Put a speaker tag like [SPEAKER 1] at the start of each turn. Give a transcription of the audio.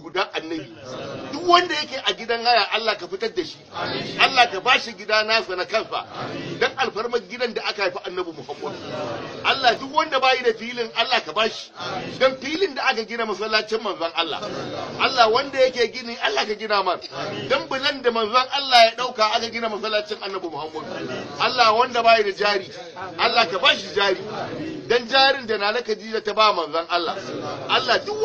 [SPEAKER 1] guda annabi duk wanda yake a gidan haya Allah ka fitar da shi Allah ka bashi gida nasa na kansa dan alfarmar gidan da aka haifa annabi Muhammad Allah duk wanda bai da filin Allah ka bashi dan filin da aka gina masallacin manzon Allah Allah wanda yake gini Allah ka gina man dan bulan da manzon Allah ya dauka aka gina masallacin annabi Muhammad Allah wanda bai da jari Allah ka bashi jari dan jarin da na laka ta ba manzon Allah Allah duk